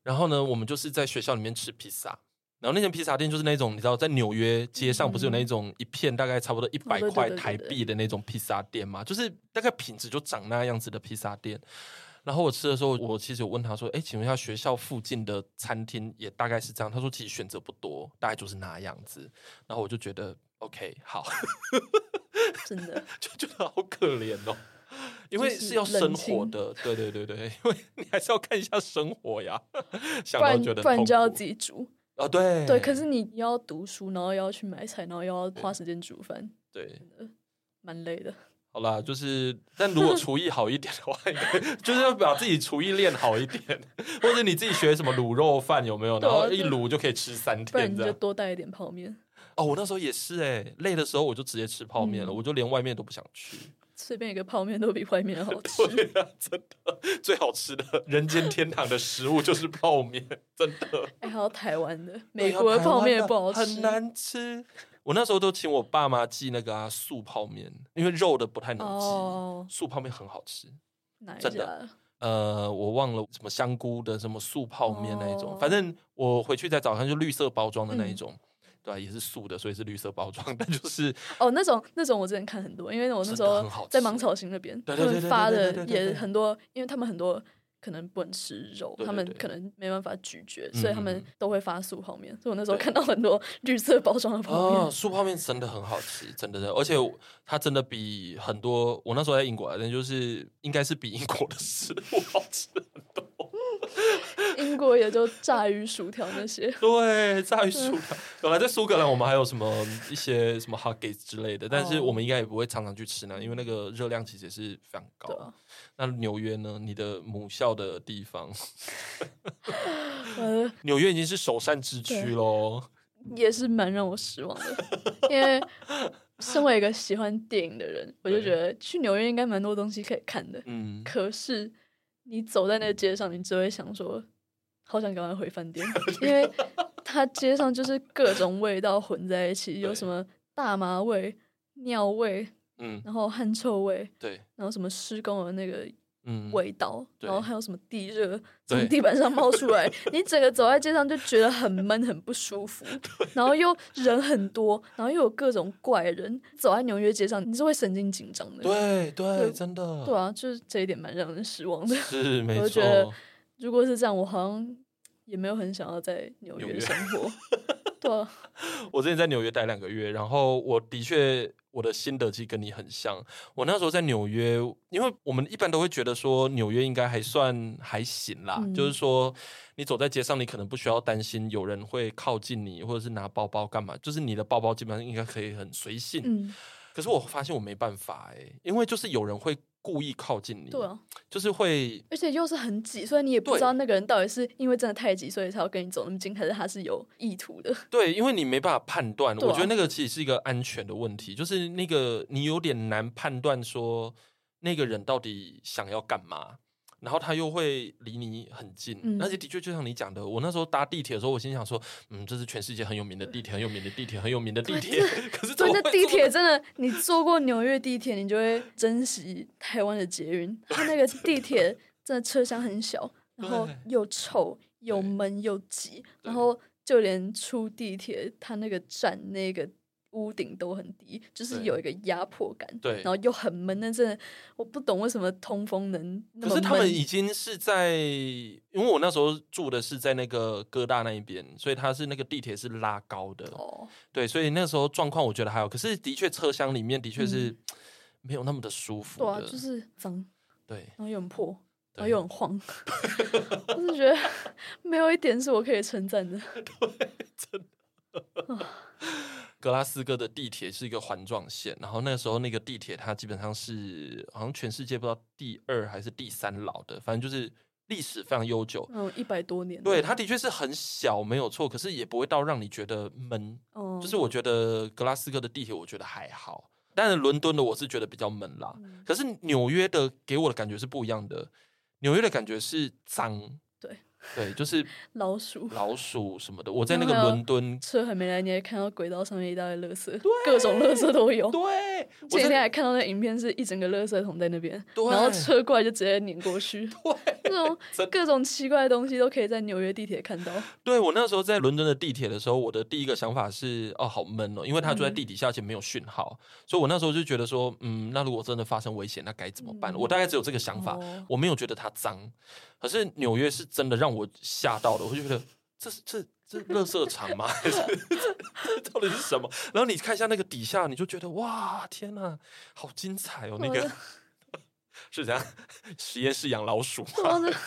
然後呢，我們就是在學校裡面吃披薩。然後那間披薩店就是那種你知道，在紐約街上不是有那一種一片大概差不多一百塊台幣的那種披薩店嘛，就是大概品質就長那樣子的披薩店。然後我吃的時候，我其實有問他說：“哎，請問一下學校附近的餐廳也大概是這樣？”他說：“其實選擇不多，大概就是那樣子。”然後我就覺得 OK，好，真的 就覺得好可憐哦。因為是要生活的，對對對對，因為你還是要看一下生活呀，想到覺得突然就要自己煮啊，對對，可是你要讀書，然後要去買菜，然後又要花時間煮飯，對，蠻累的。好啦，就是但如果廚藝好一點的話，應該就是要把自己廚藝練好一點，或者你自己學什麼滷肉飯有沒有？然後一滷就可以吃三天，不然你就多帶一點泡麵哦。我那時候也是哎，累的時候我就直接吃泡麵了，我就連外面都不想去。隨便一個泡麵都比外面好吃， 對啊，真的最好吃的人間天堂的食物就是泡麵，真的。還有、哎、台灣的美國的泡麵也不好吃，啊、很難吃。 我那時候都請我爸媽寄那個、啊、素泡麵，因為肉的不太能寄，哦、素泡麵很好吃，真的。呃，我忘了什麼香菇的什麼素泡麵那一種，哦、反正我回去再早上就綠色包裝的那一種。嗯對、啊，也是素的，所以是綠色包裝。但就是哦，那種那種我之前看很多，因為我那時候在芒草心那邊，他們發的也很多，因為他們很多可能不能吃肉，對對對對，他們可能沒辦法咀嚼，所以他們都會發素泡麵。嗯嗯，所以我那時候看到很多綠色包裝的泡麵對、啊，素泡麵真的很好吃，真的，真的。而且它真的比很多我那時候在英國，但就是應該是比英國的食物好吃。英國也就炸魚薯條那些，對炸魚薯條。本、嗯、來在蘇格蘭，我們還有什麼一些什麼 haggis 之類的，oh. 但是我們應該也不會常常去吃呢，因為那個熱量其實也是非常高的。啊、那紐約呢？你的母校的地方，紐、 嗯、約已經是首善之區嘍，也是蠻讓我失望的。 因為身為一個喜歡電影的人，對我就覺得去紐約應該蠻多東西可以看的。嗯，可是你走在那個街上，你只會想說。好想趕快回飯店，因為他街上就是各種味道混在一起，有什麼大麻味、尿味，嗯，然後汗臭味，然後什麼施工的那個味道，然後還有什麼地熱從地板上冒出來，你整個走在街上就覺得很悶、很不舒服，然後又人很多，然後又有各種怪人，走在紐約街上你是會神經緊張的，對對，真的，對啊，就是這一點蠻讓人失望的，是沒錯。如果是這樣，我好像也沒有很想要在紐約生活。對，我之前在紐約待兩個月，然後我的確我的心得其實跟你很像。我那時候在紐約，因為我們一般都會覺得說，紐約應該還算還行啦，嗯、就是說你走在街上，你可能不需要擔心有人會靠近你，或者是拿包包幹嘛，就是你的包包基本上應該可以很隨性。嗯、可是我發現我沒辦法哎、欸，因為就是有人會。故意靠近你，對啊，就是會，而且又是很擠，所以你也不知道那個人到底是因為真的太擠，對所以才要跟你走那麼近，還是他是有意圖的。對，因為你沒辦法判斷，啊、我覺得那個其實是一個安全的問題，就是那個你有點難判斷說那個人到底想要幹嘛。然後他又會離你很近，嗯、而且的確就像你講的，我那時候搭地鐵的時候，我心想說，嗯，這是全世界很有名的地鐵，很有名的地鐵，很有名的地鐵。可是對，這地鐵真的， 你坐過紐約地鐵，你就會珍惜台灣的捷運。它那個地鐵真的車廂很小，然後又臭對又悶又擠，對然後就連出地鐵，它那個站那個。屋頂都很低，就是有一個壓迫感，對，然後又很悶。但是我不懂為什麼通風能。可是他們已經是在，因為我那時候住的是在那個哥大那一邊，所以它是那個地鐵是拉高的哦。Oh. 對，所以那時候狀況我覺得還好，可是的確車廂裡面的確是沒有那麼的舒服的、嗯。對啊，就是髒，對，然後又很破，然後又很晃，我是覺得沒有一點是我可以稱讚的。對， 真的。 格拉斯哥的地鐵是一個環狀線，然後那時候那個地鐵它基本上是好像全世界不知道第二還是第三老的，反正就是歷史非常悠久，嗯，一百多年。對，它的確是很小，沒有錯，可是也不會到讓你覺得悶。哦，嗯，就是我覺得格拉斯哥的地鐵，我覺得還好，但是倫敦的我是覺得比較悶啦。嗯，可是紐約的給我的感覺是不一樣的，紐約的感覺是髒。對。對，就是老鼠、老鼠什麼的。我在那個倫敦還車還沒來，你也看到軌道上面一大堆垃圾，對各種垃圾都有。對，我昨天還看到那影片，是一整個垃圾桶在那邊，對然後車過來就直接碾過去。對，那種各種奇怪的東西都可以在紐約地鐵看到。對，我那時候在倫敦的地鐵的時候，我的第一個想法是，哦，好悶哦，因為他住在地底下、嗯、而且沒有訊號，所以我那時候就覺得說，嗯，那如果真的發生危險，那該怎麼辦？嗯、我大概只有這個想法，哦、我沒有覺得它髒。可是紐約是真的讓我嚇到了，我就覺得這是這是這是垃圾場嗎？還是這 到底是什麼？然後你看一下那個底下，你就覺得哇天哪、啊，好精彩哦！那個的是這樣，實驗室養老鼠嗎，沒的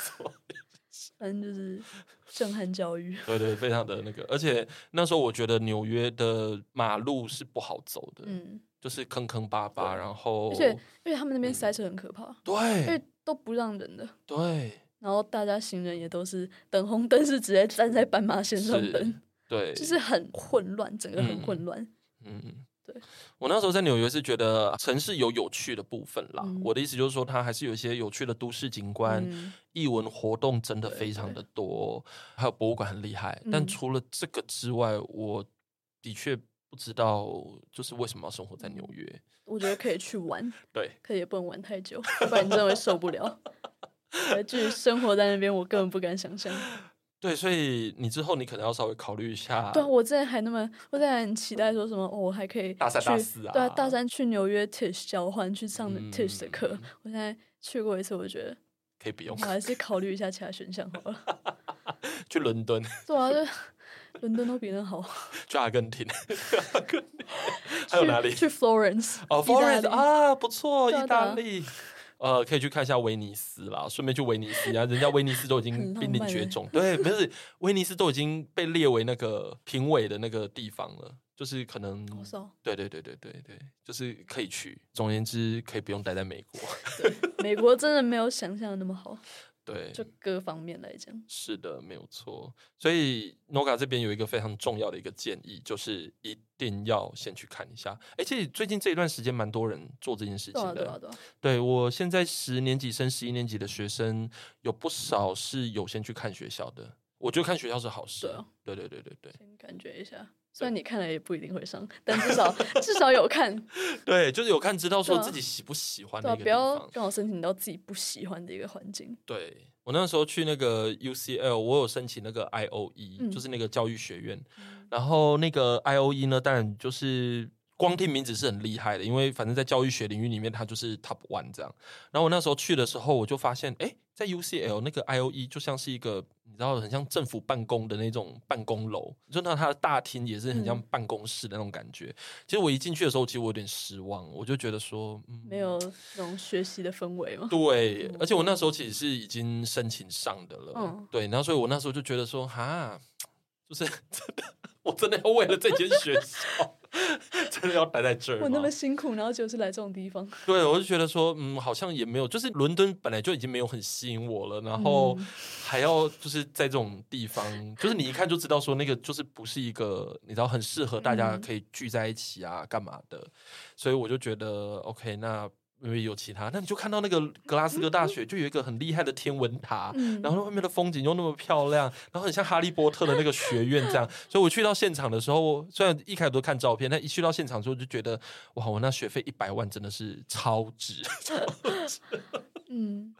反正就是震撼教育。對對，對，非常的那個。而且那時候我覺得紐約的馬路是不好走的，嗯，就是坑坑巴巴，對然後而且因為他們那邊塞車很可怕，嗯、對，都不讓人的，對。然後大家行人也都是等紅燈，是直接站在斑馬線上等，對，就是很混亂，整個很混亂。嗯，對。我那時候在紐約是覺得城市有有趣的部分啦。嗯、我的意思就是說，它還是有一些有趣的都市景觀，嗯、藝文活動真的非常的多，還有博物館很厲害。嗯、但除了這個之外，我的確不知道就是為什麼要生活在紐約。我覺得可以去玩，對，可以也不能玩太久，不然你真的會受不了。 就是生活在那邊，我根本不敢想象。對，所以你之後你可能要稍微考慮一下。對，我之前還那麼，我之前很期待說什麼，我還可以大三大四啊，對啊，大三去紐約 Tisch 交換，去上 Tisch 的課。我現在去過一次，我覺得可以不用，我還是考慮一下其他選項好了。去倫敦，對啊，倫敦都比那好。去阿根廷，還有哪裡？去 Florence，Florence 啊，不錯，意大利。呃，可以去看一下威尼斯啦。順便去威尼斯啊，人家威尼斯都已經瀕臨絕種， 很浪漫欸、對，不是威 尼斯都已經被列為那個瀕危的那個地方了，就是可能，對對對對對對，就是可以去。總而言之，可以不用待在美國，對 美國真的沒有想象的那麼好。對，就各方面來講，是的，沒有錯。所以 Noga 這邊有一個非常重要的一個建議，就是一定要先去看一下。而且最近這一段時間，蠻多人做這件事情的。對，我現在十年級、升十一年級的學生有不少是有先去看學校的。我覺得看學校是好事。對，對，對，對，對，先感覺一下。雖然你看來也不一定會上，但至少 至少有看。對，就是有看，知道說自己喜不喜歡個。的、啊。對、啊，不要剛好申請到自己不喜歡的一個環境。對我那時候去那個 UCL，我有申請那個 IOE，、嗯、就是那個教育學院。嗯、然後那個 IOE 呢，當然就是光聽名字是很厲害的，因為反正在教育學領域裡面，它就是 Top One 這樣。然後我那時候去的時候，我就發現，哎、欸，在 UCL 那個 IOE 就像是一個。你知道很像政府辦公的那種辦公樓，就那它的大廳也是很像辦公室的那種感覺。嗯、其實我一進去的時候，其實我有點失望，我就覺得說、嗯、沒有那種學習的氛圍嘛。對，而且我那時候其實是已經申請上的了。嗯，對，然後所以我那時候就覺得說哈。不是真的，我真的要為了這間學校， 真的要待在這兒。我那麼辛苦，然後就是來這種地方。對，我就覺得說，嗯，好像也沒有，就是倫敦本來就已經沒有很吸引我了，然後還要就是在這種地方，嗯、就是你一看就知道說那個就是不是一個你知道很適合大家可以聚在一起啊、嗯、幹嘛的，所以我就覺得 OK 那。因為有其他，那你就看到那個格拉斯哥大學、嗯、就有一個很厲害的天文塔，嗯、然後那外面的風景又那麼漂亮，然後很像哈利波特的那個學院這樣。嗯、所以我去到現場的時候，雖然一開始都看照片，但一去到現場之後，就覺得哇，我那學費一百萬真的是超值。嗯，超值，嗯，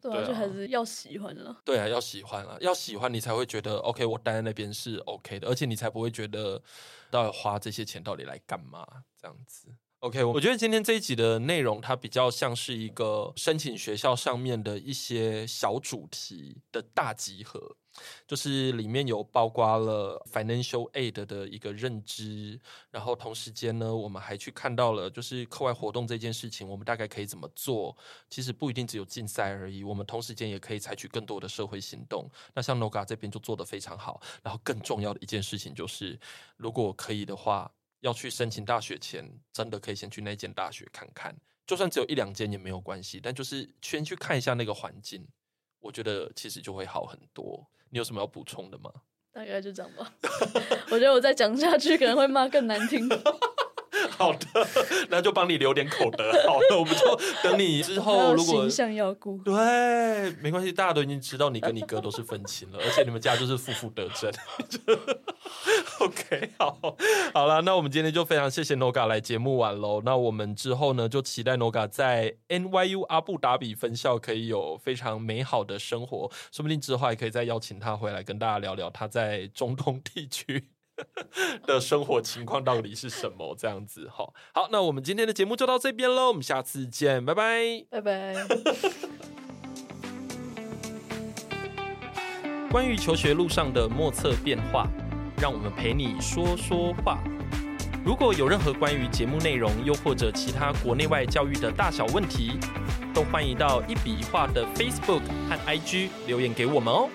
對啊，對啊、就還是要喜歡了。對啊，要喜歡啊，要喜歡你才會覺得 OK，我待在那邊是 OK 的，而且你才不會覺得到底花這些錢到底來干嘛這樣子。OK，我覺得今天這一集的內容，它比較像是一個申請學校上面的一些小主題的大集合，就是裡面有包括了 financial aid 的一個認知，然後同時間呢，我們還去看到了就是課外活動這件事情，我們大概可以怎麼做？其實不一定只有競賽而已，我們同時間也可以採取更多的社會行動。那像 Noga 這邊就做得非常好，然後更重要的一件事情就是，如果可以的話。要去申請大學前，真的可以先去那間大學看看，就算只有一兩間也沒有關係。但就是先去看一下那個環境，我覺得其實就會好很多。你有什麼要補充的嗎？大概就這樣吧。 我覺得我再講下去可能會罵更難聽。 好的，那就幫你留點口德。 好的，我們就等你之後，如果形象要顧，對，沒關係，大家都已經知道你跟你哥都是分親憤青了， 而且你們家就是負負得正。 OK，好好啦，那我們今天就非常謝謝 Noga 來節目玩嘍。那我們之後呢，就期待 Noga 在 NYU 阿布達比分校可以有非常美好的生活，說不定之後還可以再邀請他回來跟大家聊聊他在中東地區 的生活情況到底是什麼？這樣子，好，好，那我們今天的節目就到這邊嘍，我們下次見，拜拜，拜拜。 關於求學路上的莫測變化，讓我們陪你說說話。如果有任何關於節目內容，又或者其他國內外教育的大小問題，都歡迎到一筆一畫的 Facebook 和 IG 留言給我們哦。